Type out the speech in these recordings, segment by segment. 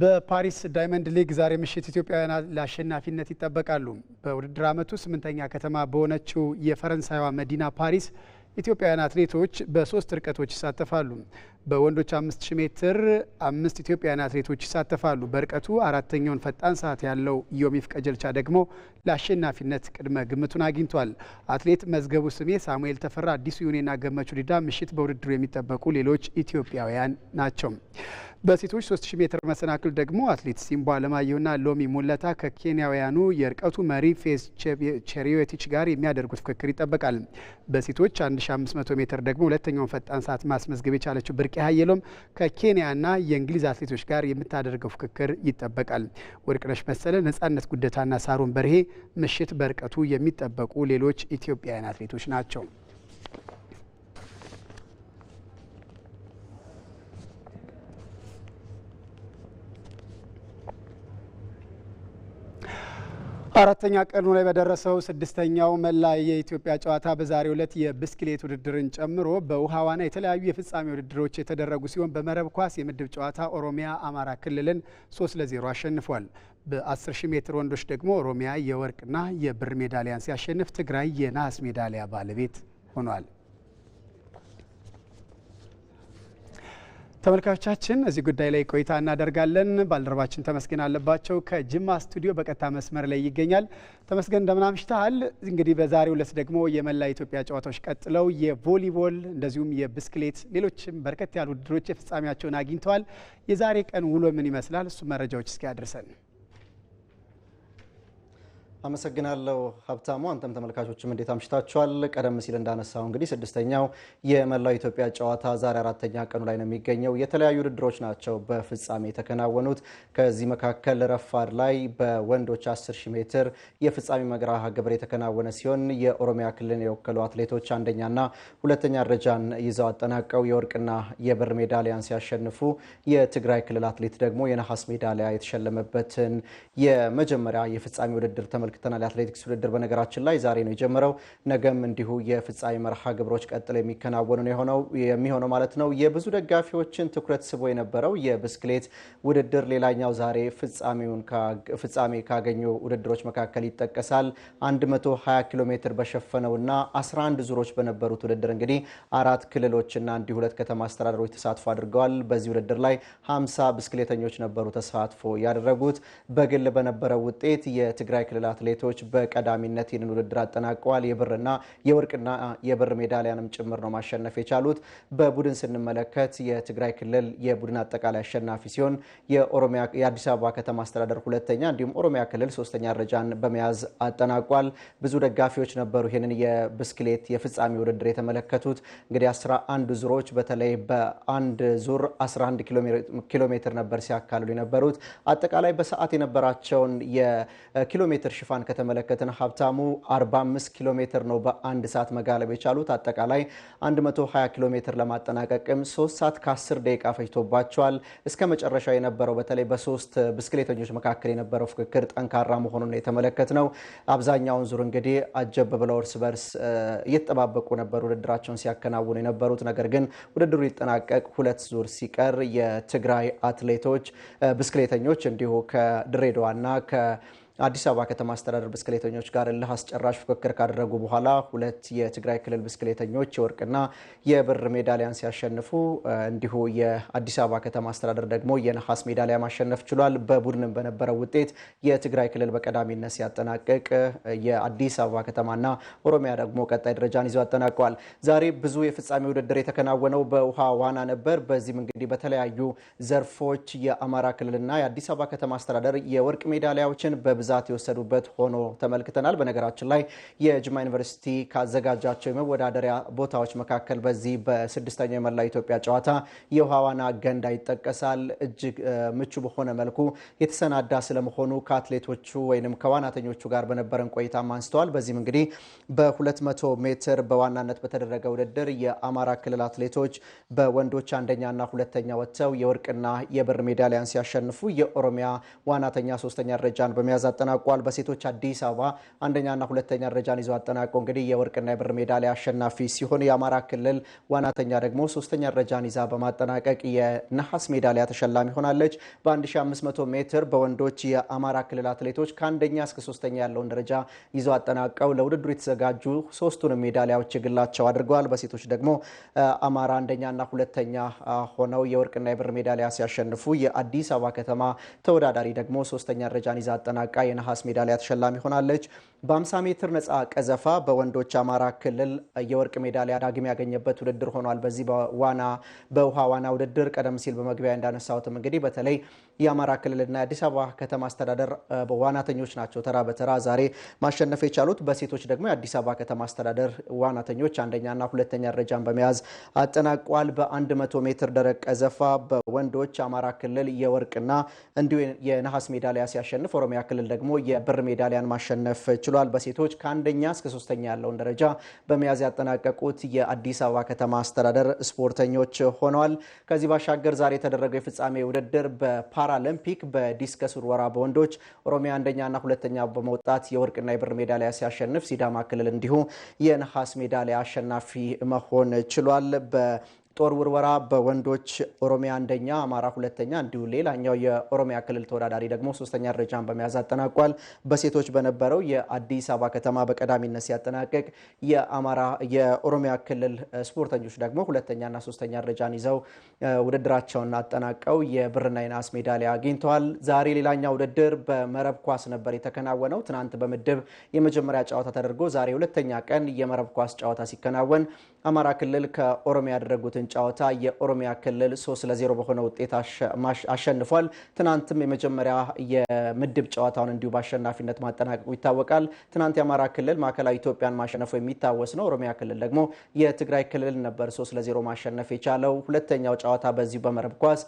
በፓሪስ ዳይመንድ ሊግ ዛሬ ምሽት ኢትዮጵያውያን ለአሸናፊነት ይጠበቃሉ። በውድድር ዓመቱ ስምንተኛ ከተማ በሆነችው የፈረንሳይዋ መዲና ፓሪስ ኢትዮጵያውያን አትሌቶች በሶስት ርቀቶች ይሳተፋሉ። በወንዶች 5000 ሜትር አምስት ኢትዮጵያውያን አትሌቶች ይሳተፋሉ። በርቀቱ አራተኛውን ፈጣን ሰዓት ያለው ዮሚፍ ቀጀልቻ ደግሞ ለአሸናፊነት ቅድመ ግምቱን አግኝቷል። አትሌት መዝገቡ ስሜ፣ ሳሙኤል ተፈራ፣ አዲሱ ዩኔና ገመቹ ዲዳ ምሽት በውድድሩ የሚጠበቁ ሌሎች ኢትዮጵያውያን ናቸው። በሴቶች 3000 ሜትር መሰናክል ደግሞ አትሌት ሲምቦ አለማየሁና ሎሚ ሙለታ ከኬንያውያኑ የርቀቱ መሪ ፌዝ ቸሪዮቲች ጋር የሚያደርጉት ፍክክር ይጠበቃል። በሴቶች 1500 ሜትር ደግሞ ሁለተኛውን ፈጣን ሰዓት ማስመዝገብ የቻለችው አፍሪቃ ሀየሎም ከኬንያና የእንግሊዝ አትሌቶች ጋር የምታደርገው ፍክክር ይጠበቃል። ወርቅነሽ መሰለ፣ ነጻነት ጉደታና ሳሮን በርሄ ምሽት በርቀቱ የሚጠበቁ ሌሎች ኢትዮጵያውያን አትሌቶች ናቸው። አራተኛ ቀኑ ላይ በደረሰው ስድስተኛው መላ የኢትዮጵያ ጨዋታ በዛሬው ዕለት የብስክሌት ውድድርን ጨምሮ በውሃ ዋና የተለያዩ የፍጻሜ ውድድሮች የተደረጉ ሲሆን በመረብ ኳስ የምድብ ጨዋታ ኦሮሚያ አማራ ክልልን 3 ለ0 አሸንፏል። ሺህ ሜትር ወንዶች ደግሞ ኦሮሚያ የወርቅና የብር ሜዳሊያን ሲያሸንፍ፣ ትግራይ የነሐስ ሜዳሊያ ባለቤት ሆኗል። ተመልካቾቻችን እዚህ ጉዳይ ላይ ቆይታ እናደርጋለን። ባልደረባችን ተመስገን አለባቸው ከጅማ ስቱዲዮ በቀጥታ መስመር ላይ ይገኛል። ተመስገን እንደምን አምሽተሃል? እንግዲህ በዛሬው ዕለት ደግሞ የመላ ኢትዮጵያ ጨዋታዎች ቀጥለው የቮሊቦል እንደዚሁም የብስክሌት ሌሎችም በርከት ያሉ ውድድሮች የፍጻሜያቸውን አግኝተዋል። የዛሬ ቀን ውሎ ምን ይመስላል? እሱ መረጃዎች እስኪ አመሰግናለሁ ሀብታሙ። አንተም ተመልካቾችም እንዴት አምሽታችኋል? ቀደም ሲል እንዳነሳው እንግዲህ ስድስተኛው የመላው ኢትዮጵያ ጨዋታ ዛሬ አራተኛ ቀኑ ላይ ነው የሚገኘው። የተለያዩ ውድድሮች ናቸው በፍጻሜ የተከናወኑት። ከዚህ መካከል ረፋድ ላይ በወንዶች 10 ሺ ሜትር የፍጻሜ መርሃ ግብር የተከናወነ ሲሆን የኦሮሚያ ክልልን የወከሉ አትሌቶች አንደኛና ሁለተኛ ደረጃን ይዘው አጠናቀው የወርቅና የብር ሜዳሊያን ሲያሸንፉ፣ የትግራይ ክልል አትሌት ደግሞ የነሐስ ሜዳሊያ የተሸለመበትን የመጀመሪያ የፍጻሜ ውድድር ተመ ተመልክተናል። የአትሌቲክስ ውድድር በነገራችን ላይ ዛሬ ነው የጀመረው። ነገም እንዲሁ የፍጻሜ መርሃ ግብሮች ቀጥሎ የሚከናወኑ የሆነው የሚሆነው ማለት ነው። የብዙ ደጋፊዎችን ትኩረት ስቦ የነበረው የብስክሌት ውድድር ሌላኛው ዛሬ ፍጻሜ ካገኙ ውድድሮች መካከል ይጠቀሳል። 120 ኪሎ ሜትር በሸፈነውና 11 ዙሮች በነበሩት ውድድር እንግዲህ አራት ክልሎችና እንዲሁ ሁለት ከተማ አስተዳደሮች ተሳትፎ አድርገዋል። በዚህ ውድድር ላይ 50 ብስክሌተኞች ነበሩ ተሳትፎ ያደረጉት። በግል በነበረው ውጤት የትግራይ ክልላት አትሌቶች በቀዳሚነት ይህንን ውድድር አጠናቀዋል። የብርና የወርቅና የብር ሜዳሊያንም ጭምር ነው ማሸነፍ የቻሉት። በቡድን ስንመለከት የትግራይ ክልል የቡድን አጠቃላይ አሸናፊ ሲሆን የአዲስ አበባ ከተማ አስተዳደር ሁለተኛ፣ እንዲሁም ኦሮሚያ ክልል ሶስተኛ ደረጃን በመያዝ አጠናቋል። ብዙ ደጋፊዎች ነበሩ ይህንን የብስክሌት የፍጻሜ ውድድር የተመለከቱት። እንግዲህ 11 ዙሮች በተለይ በአንድ ዙር 11 ኪሎ ሜትር ነበር ሲያካልሉ የነበሩት አጠቃላይ በሰዓት የነበራቸውን የኪሎ ሜትር ሽፋ ሽፋን ከተመለከትን ሀብታሙ 45 ኪሎ ሜትር ነው በአንድ ሰዓት መጋለብ የቻሉት። አጠቃላይ 120 ኪሎ ሜትር ለማጠናቀቅም 3 ሰዓት ከ10 ደቂቃ ፈጅቶባቸዋል። እስከ መጨረሻው የነበረው በተለይ በሶስት ብስክሌተኞች መካከል የነበረው ፍክክር ጠንካራ መሆኑን የተመለከት ነው። አብዛኛውን ዙር እንግዲህ አጀብ ብለው እርስ በርስ እየተጠባበቁ ነበር ውድድራቸውን ሲያከናውኑ የነበሩት። ነገር ግን ውድድሩ ሊጠናቀቅ ሁለት ዙር ሲቀር የትግራይ አትሌቶች ብስክሌተኞች እንዲሁ ከድሬዳዋና አዲስ አበባ ከተማ አስተዳደር ብስክሌተኞች ጋር እልህ አስጨራሽ ፉክክር ካደረጉ በኋላ ሁለት የትግራይ ክልል ብስክሌተኞች የወርቅና የብር ሜዳሊያን ሲያሸንፉ እንዲሁ የአዲስ አበባ ከተማ አስተዳደር ደግሞ የነሐስ ሜዳሊያ ማሸነፍ ችሏል። በቡድንም በነበረው ውጤት የትግራይ ክልል በቀዳሚነት ሲያጠናቅቅ፣ የአዲስ አበባ ከተማና ኦሮሚያ ደግሞ ቀጣይ ደረጃን ይዘው አጠናቀዋል። ዛሬ ብዙ የፍጻሜ ውድድር የተከናወነው በውሃ ዋና ነበር። በዚህም እንግዲህ በተለያዩ ዘርፎች የአማራ ክልልና የአዲስ አበባ ከተማ አስተዳደር የወርቅ ሜዳሊያዎችን በብዛት በብዛት የወሰዱበት ሆኖ ተመልክተናል። በነገራችን ላይ የጅማ ዩኒቨርሲቲ ካዘጋጃቸው የመወዳደሪያ ቦታዎች መካከል በዚህ በስድስተኛው የመላው ኢትዮጵያ ጨዋታ የውሃ ዋና ገንዳ ይጠቀሳል። እጅግ ምቹ በሆነ መልኩ የተሰናዳ ስለመሆኑ ከአትሌቶቹ ወይም ከዋናተኞቹ ጋር በነበረን ቆይታም አንስተዋል። በዚህም እንግዲህ በ200 ሜትር በዋናነት በተደረገ ውድድር የአማራ ክልል አትሌቶች በወንዶች አንደኛና ሁለተኛ ወጥተው የወርቅና የብር ሜዳሊያን ሲያሸንፉ የኦሮሚያ ዋናተኛ ሶስተኛ ደረጃን በመያዝ አጠናቋል። በሴቶች አዲስ አበባ አንደኛና ሁለተኛ ደረጃን ይዞ አጠናቀው እንግዲህ የወርቅና የብር ሜዳሊያ አሸናፊ ሲሆን የአማራ ክልል ዋናተኛ ደግሞ ሶስተኛ ደረጃን ይዛ በማጠናቀቅ የነሐስ ሜዳሊያ ተሸላሚ ሆናለች። በ1500 ሜትር በወንዶች የአማራ ክልል አትሌቶች ከአንደኛ እስከ ሶስተኛ ያለውን ደረጃ ይዘው አጠናቀው ለውድድሩ የተዘጋጁ ሶስቱንም ሜዳሊያዎች የግላቸው አድርገዋል። በሴቶች ደግሞ አማራ አንደኛና ሁለተኛ ሆነው የወርቅና የብር ሜዳሊያ ሲያሸንፉ የአዲስ አበባ ከተማ ተወዳዳሪ ደግሞ ሶስተኛ ደረጃን ይዛ አጠናቃ የነሐስ ሜዳሊያ ተሸላሚ ሆናለች። በ50 ሜትር ነፃ ቀዘፋ በወንዶች አማራ ክልል የወርቅ ሜዳሊያ ዳግም ያገኘበት ውድድር ሆኗል። በዚህ በዋና በውሃ ዋና ውድድር ቀደም ሲል በመግቢያ እንዳነሳሁትም እንግዲህ በተለይ የአማራ ክልልና የአዲስ አበባ ከተማ አስተዳደር ዋናተኞች ናቸው። ተራ በተራ ዛሬ ማሸነፍ የቻሉት በሴቶች ደግሞ የአዲስ አበባ ከተማ አስተዳደር ዋናተኞች አንደኛና ሁለተኛ ደረጃን በመያዝ አጠናቋል። በ100 ሜትር ደረቅ ቀዘፋ በወንዶች አማራ ክልል የወርቅና እንዲሁ የነሐስ ሜዳሊያ ሲያሸንፍ ኦሮሚያ ክልል ደግሞ የብር ሜዳሊያን ማሸነፍ ችሏል። በሴቶች ከአንደኛ እስከ ሶስተኛ ያለውን ደረጃ በመያዝ ያጠናቀቁት የአዲስ አበባ ከተማ አስተዳደር ስፖርተኞች ሆነዋል። ከዚህ ባሻገር ዛሬ የተደረገው የፍጻሜ ውድድር በፓ ፓራሊምፒክ በዲስከስ ውርወራ በወንዶች ኦሮሚያ አንደኛና ሁለተኛ በመውጣት የወርቅና የብር ሜዳሊያ ሲያሸንፍ፣ ሲዳማ ክልል እንዲሁ የነሐስ ሜዳሊያ አሸናፊ መሆን ችሏል። ጦር ውርወራ በወንዶች ኦሮሚያ አንደኛ፣ አማራ ሁለተኛ፣ እንዲሁ ሌላኛው የኦሮሚያ ክልል ተወዳዳሪ ደግሞ ሶስተኛ ደረጃን በመያዝ አጠናቋል። በሴቶች በነበረው የአዲስ አበባ ከተማ በቀዳሚነት ሲያጠናቅቅ የአማራ የኦሮሚያ ክልል ስፖርተኞች ደግሞ ሁለተኛና ሶስተኛ ደረጃን ይዘው ውድድራቸውን አጠናቀው የብርና የነሐስ ሜዳሊያ አግኝተዋል። ዛሬ ሌላኛው ውድድር በመረብ ኳስ ነበር የተከናወነው። ትናንት በምድብ የመጀመሪያ ጨዋታ ተደርጎ ዛሬ ሁለተኛ ቀን የመረብ ኳስ ጨዋታ ሲከናወን አማራ ክልል ከኦሮሚያ ያደረጉትን ጨዋታ የኦሮሚያ ክልል 3 ለዜሮ በሆነ ውጤት አሸንፏል። ትናንትም የመጀመሪያ የምድብ ጨዋታውን እንዲሁ በአሸናፊነት ማጠናቀቁ ይታወቃል። ትናንት የአማራ ክልል ማዕከላዊ ኢትዮጵያን ማሸነፉ የሚታወስ ነው። ኦሮሚያ ክልል ደግሞ የትግራይ ክልል ነበር 3 ለዜሮ ማሸነፍ የቻለው። ሁለተኛው ጨዋታ በዚሁ በመረብ ኳስ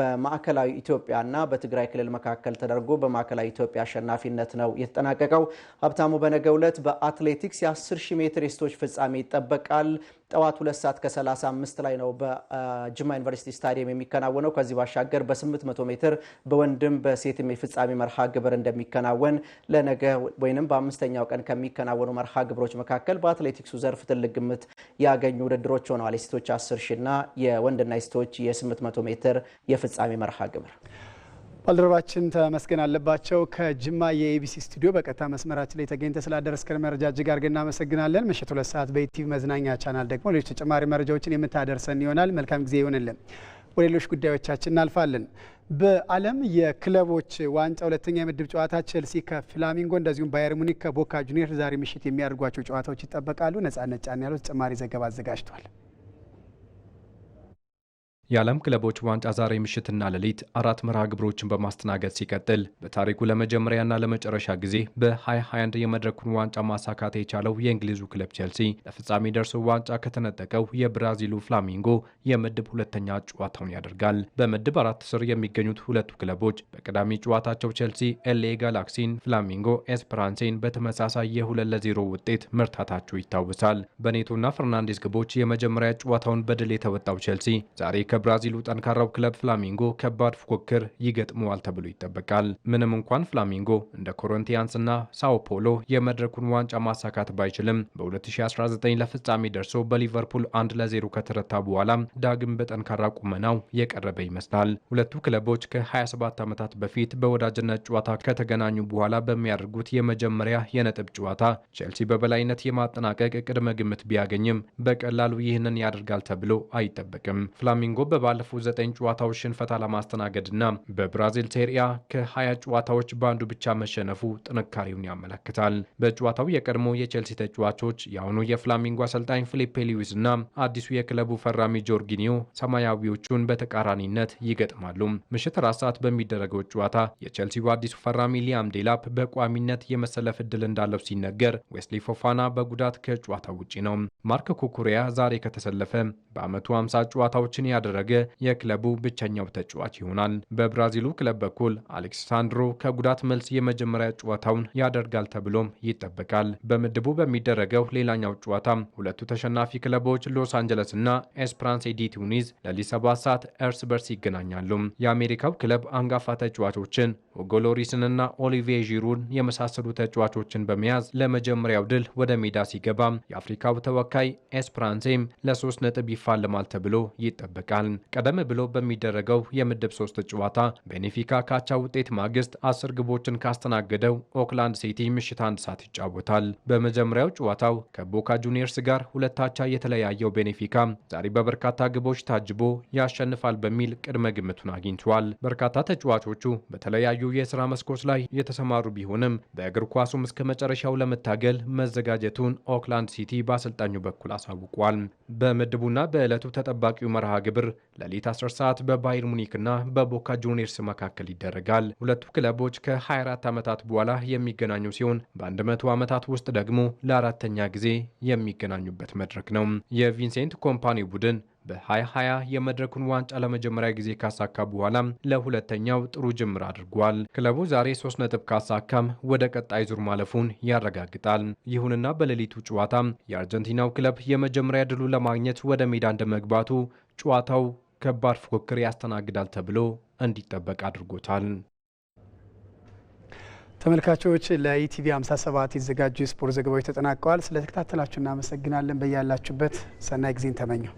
በማዕከላዊ ኢትዮጵያና በትግራይ ክልል መካከል ተደርጎ በማዕከላዊ ኢትዮጵያ አሸናፊነት ነው የተጠናቀቀው። ሀብታሙ በነገ ዕለት በአትሌቲክስ የ10 ሺህ ሜትር የሴቶች ፍጻሜ ይጠበቃል። ይጠበቃል። ጠዋት ሁለት ሰዓት ከ35 ላይ ነው በጅማ ዩኒቨርሲቲ ስታዲየም የሚከናወነው። ከዚህ ባሻገር በ800 ሜትር በወንድም በሴትም የፍጻሜ መርሃ ግብር እንደሚከናወን ለነገ ወይም በአምስተኛው ቀን ከሚከናወኑ መርሃ ግብሮች መካከል በአትሌቲክሱ ዘርፍ ትልቅ ግምት ያገኙ ውድድሮች ሆነዋል። የሴቶች 10 ሺ እና የወንድና የሴቶች የ800 ሜትር የፍጻሜ መርሃ ግብር ባልደረባችን ተመስገን አለባቸው ከጅማ የኤቢሲ ስቱዲዮ በቀጥታ መስመራችን ላይ ተገኝተ ስላደረስከን መረጃ እጅግ አድርገን እናመሰግናለን። ምሽት ሁለት ሰዓት በኢቲቪ መዝናኛ ቻናል ደግሞ ሌሎች ተጨማሪ መረጃዎችን የምታደርሰን ይሆናል። መልካም ጊዜ ይሆንልን። ወደ ሌሎች ጉዳዮቻችን እናልፋለን። በዓለም የክለቦች ዋንጫ ሁለተኛ የምድብ ጨዋታ ቼልሲ ከፍላሚንጎ እንደዚሁም ባየር ሙኒክ ከቦካ ጁኒየር ዛሬ ምሽት የሚያደርጓቸው ጨዋታዎች ይጠበቃሉ። ነጻነት ጫን ያሉት ተጨማሪ ዘገባ አዘጋጅቷል። የዓለም ክለቦች ዋንጫ ዛሬ ምሽትና ሌሊት አራት መርሃ ግብሮችን በማስተናገድ ሲቀጥል በታሪኩ ለመጀመሪያና ለመጨረሻ ጊዜ በ2021 የመድረኩን ዋንጫ ማሳካት የቻለው የእንግሊዙ ክለብ ቼልሲ ለፍጻሜ ደርሶ ዋንጫ ከተነጠቀው የብራዚሉ ፍላሚንጎ የምድብ ሁለተኛ ጨዋታውን ያደርጋል። በምድብ አራት ስር የሚገኙት ሁለቱ ክለቦች በቅዳሜ ጨዋታቸው ቼልሲ ኤልኤ ጋላክሲን፣ ፍላሚንጎ ኤስፐራንሴን በተመሳሳይ የሁለት ለዜሮ ውጤት መርታታቸው ይታወሳል። በኔቶና ፈርናንዴስ ግቦች የመጀመሪያ ጨዋታውን በድል የተወጣው ቼልሲ ዛሬ ከብራዚሉ ጠንካራው ክለብ ፍላሚንጎ ከባድ ፉክክር ይገጥመዋል ተብሎ ይጠበቃል። ምንም እንኳን ፍላሚንጎ እንደ ኮሮንቲያንስ እና ሳኦ ፖሎ የመድረኩን ዋንጫ ማሳካት ባይችልም በ2019 ለፍጻሜ ደርሶ በሊቨርፑል አንድ ለዜሮ ከተረታ በኋላ ዳግም በጠንካራ ቁመናው የቀረበ ይመስላል። ሁለቱ ክለቦች ከ27 ዓመታት በፊት በወዳጅነት ጨዋታ ከተገናኙ በኋላ በሚያደርጉት የመጀመሪያ የነጥብ ጨዋታ ቼልሲ በበላይነት የማጠናቀቅ ቅድመ ግምት ቢያገኝም በቀላሉ ይህንን ያደርጋል ተብሎ አይጠበቅም። ፍላሚንጎ በባለፉት ዘጠኝ ጨዋታዎች ሽንፈት አለማስተናገድና በብራዚል ሴሪያ ከ20 ጨዋታዎች በአንዱ ብቻ መሸነፉ ጥንካሬውን ያመለክታል። በጨዋታው የቀድሞ የቼልሲ ተጫዋቾች የአሁኑ የፍላሚንጎ አሰልጣኝ ፊሊፔ ሊዊስ እና አዲሱ የክለቡ ፈራሚ ጆርጊኒዮ ሰማያዊዎቹን በተቃራኒነት ይገጥማሉ። ምሽት አራት ሰዓት በሚደረገው ጨዋታ የቼልሲው አዲሱ ፈራሚ ሊያም ዴላፕ በቋሚነት የመሰለፍ እድል እንዳለው ሲነገር፣ ዌስሊ ፎፋና በጉዳት ከጨዋታው ውጪ ነው። ማርክ ኩኩሪያ ዛሬ ከተሰለፈ በዓመቱ 50 ጨዋታዎችን ያደረ ያደረገ የክለቡ ብቸኛው ተጫዋች ይሆናል። በብራዚሉ ክለብ በኩል አሌክሳንድሮ ከጉዳት መልስ የመጀመሪያ ጨዋታውን ያደርጋል ተብሎም ይጠበቃል። በምድቡ በሚደረገው ሌላኛው ጨዋታ ሁለቱ ተሸናፊ ክለቦች ሎስ አንጀለስ እና ኤስፕራንሴ ዲ ቱኒዝ ለሊት ሰባት ሰዓት እርስ በርስ ይገናኛሉ። የአሜሪካው ክለብ አንጋፋ ተጫዋቾችን ኦጎሎሪስንና ኦሊቬ ዢሩን የመሳሰሉ ተጫዋቾችን በመያዝ ለመጀመሪያው ድል ወደ ሜዳ ሲገባ የአፍሪካው ተወካይ ኤስፕራንሴም ለሶስት ነጥብ ይፋለማል ተብሎ ይጠበቃል። ቀደም ብሎ በሚደረገው የምድብ ሶስት ጨዋታ ቤኔፊካ ካቻ ውጤት ማግስት አስር ግቦችን ካስተናገደው ኦክላንድ ሲቲ ምሽት አንድ ሰዓት ይጫወታል። በመጀመሪያው ጨዋታው ከቦካ ጁኒየርስ ጋር ሁለታቻ የተለያየው ቤኔፊካ ዛሬ በበርካታ ግቦች ታጅቦ ያሸንፋል በሚል ቅድመ ግምቱን አግኝቷል። በርካታ ተጫዋቾቹ በተለያዩ በተለያዩ የስራ መስኮች ላይ የተሰማሩ ቢሆንም በእግር ኳሱም እስከ መጨረሻው ለመታገል መዘጋጀቱን ኦክላንድ ሲቲ በአሰልጣኙ በኩል አሳውቋል። በምድቡና በዕለቱ ተጠባቂው መርሃ ግብር ሌሊት 10 ሰዓት በባይር ሙኒክና በቦካ ጁኒየርስ መካከል ይደረጋል። ሁለቱ ክለቦች ከ24 ዓመታት በኋላ የሚገናኙ ሲሆን በ100 ዓመታት ውስጥ ደግሞ ለአራተኛ ጊዜ የሚገናኙበት መድረክ ነው። የቪንሴንት ኮምፓኒ ቡድን በ2020 የመድረኩን ዋንጫ ለመጀመሪያ ጊዜ ካሳካ በኋላም ለሁለተኛው ጥሩ ጅምር አድርጓል። ክለቡ ዛሬ ሶስት ነጥብ ካሳካም ወደ ቀጣይ ዙር ማለፉን ያረጋግጣል። ይሁንና በሌሊቱ ጨዋታም የአርጀንቲናው ክለብ የመጀመሪያ ድሉ ለማግኘት ወደ ሜዳ እንደመግባቱ ጨዋታው ከባድ ፉክክር ያስተናግዳል ተብሎ እንዲጠበቅ አድርጎታል። ተመልካቾች ለኢቲቪ 57 የተዘጋጁ የስፖርት ዘገባዎች ተጠናቀዋል። ስለተከታተላችሁ እናመሰግናለን። በያላችሁበት ሰናይ ጊዜን ተመኘው።